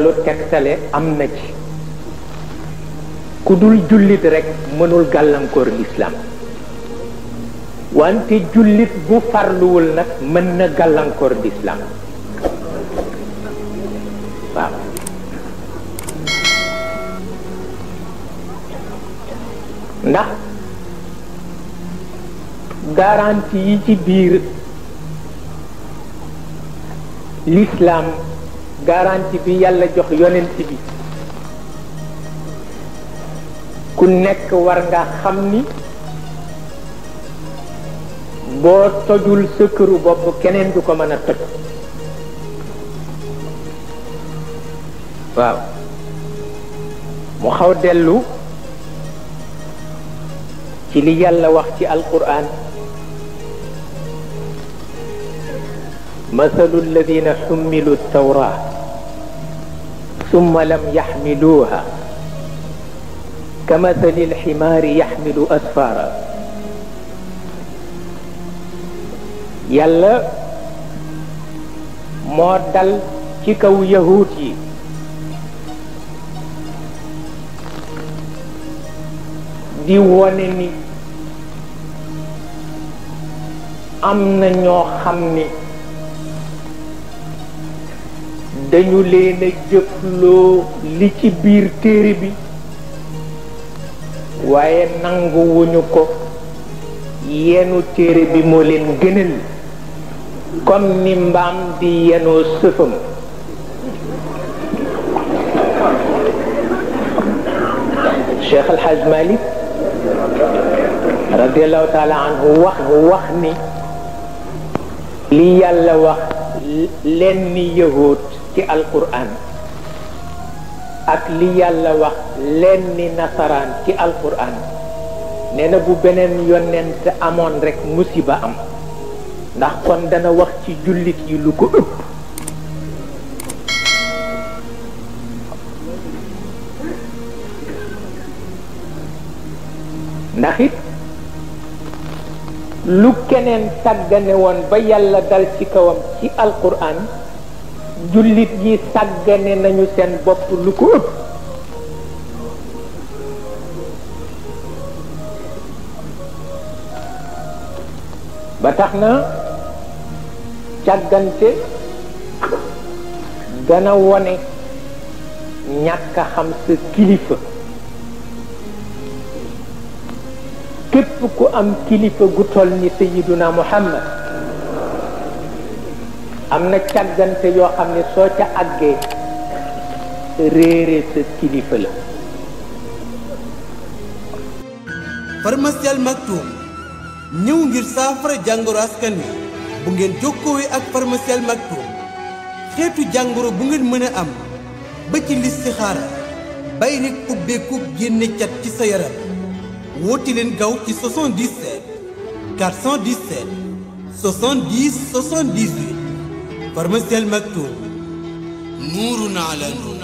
lu tegtale am na ci ku dul jullit rekk mënul gàllankoor lislaam wante jullit bu farluwul nag mën na gàllankoor lislaam waaw ndax garanti yi ci biir lislaam garanti bi yàlla jox yonent bi ku nekk war nga xam ni boo tojul sa këru bopp keneen du ko mën a toj waaw mu xaw dellu ci li yàlla wax ci alquran masalu alladina xummilu tawrat ثم لم يحملوها كمثل الحمار يحمل أسفارا يلا مودال كي كو يهودي دي وانني امنا ньо خامني dañu leena a jëfloo li ci biir téere bi waaye nangu wuñu ko yenu téere bi moo leen gënal comme ni mbaam di yenoo sëfam cheikh alhaj malik radiallahu taala anhu wax wax ni li yàlla wax lenn yahuud ci alquran ak li yàlla wax leen ni nasaraan ci alquran nee na bu beneen yonent amoon rek musiba am ndax kon dana wax ci jullit yi lu ko ëpp ndax it lu keneen tàggane woon ba yàlla dal ci kawam ci alquran jullit yi sàggane nañu seen bopp lu ko ëpp ba tax na càggante gana wone ñàkk xam sa kilifa képp ku am kilifa gu toll ni Sayyiduna Muhammad am na càggante yoo xam ne soo ca àggee réere sa kilifa la pharmacie Al ñëw ngir saafara jàngoro askan wi bu ngeen jokkoowee ak pharmacie Al xeetu jàngoro bu ngeen mën a am ba ci listixaara bay rek ubbeeku génne cat ci sa yaram woote leen gaaw ci 77 417 70 فرمست المكتوب نور على نور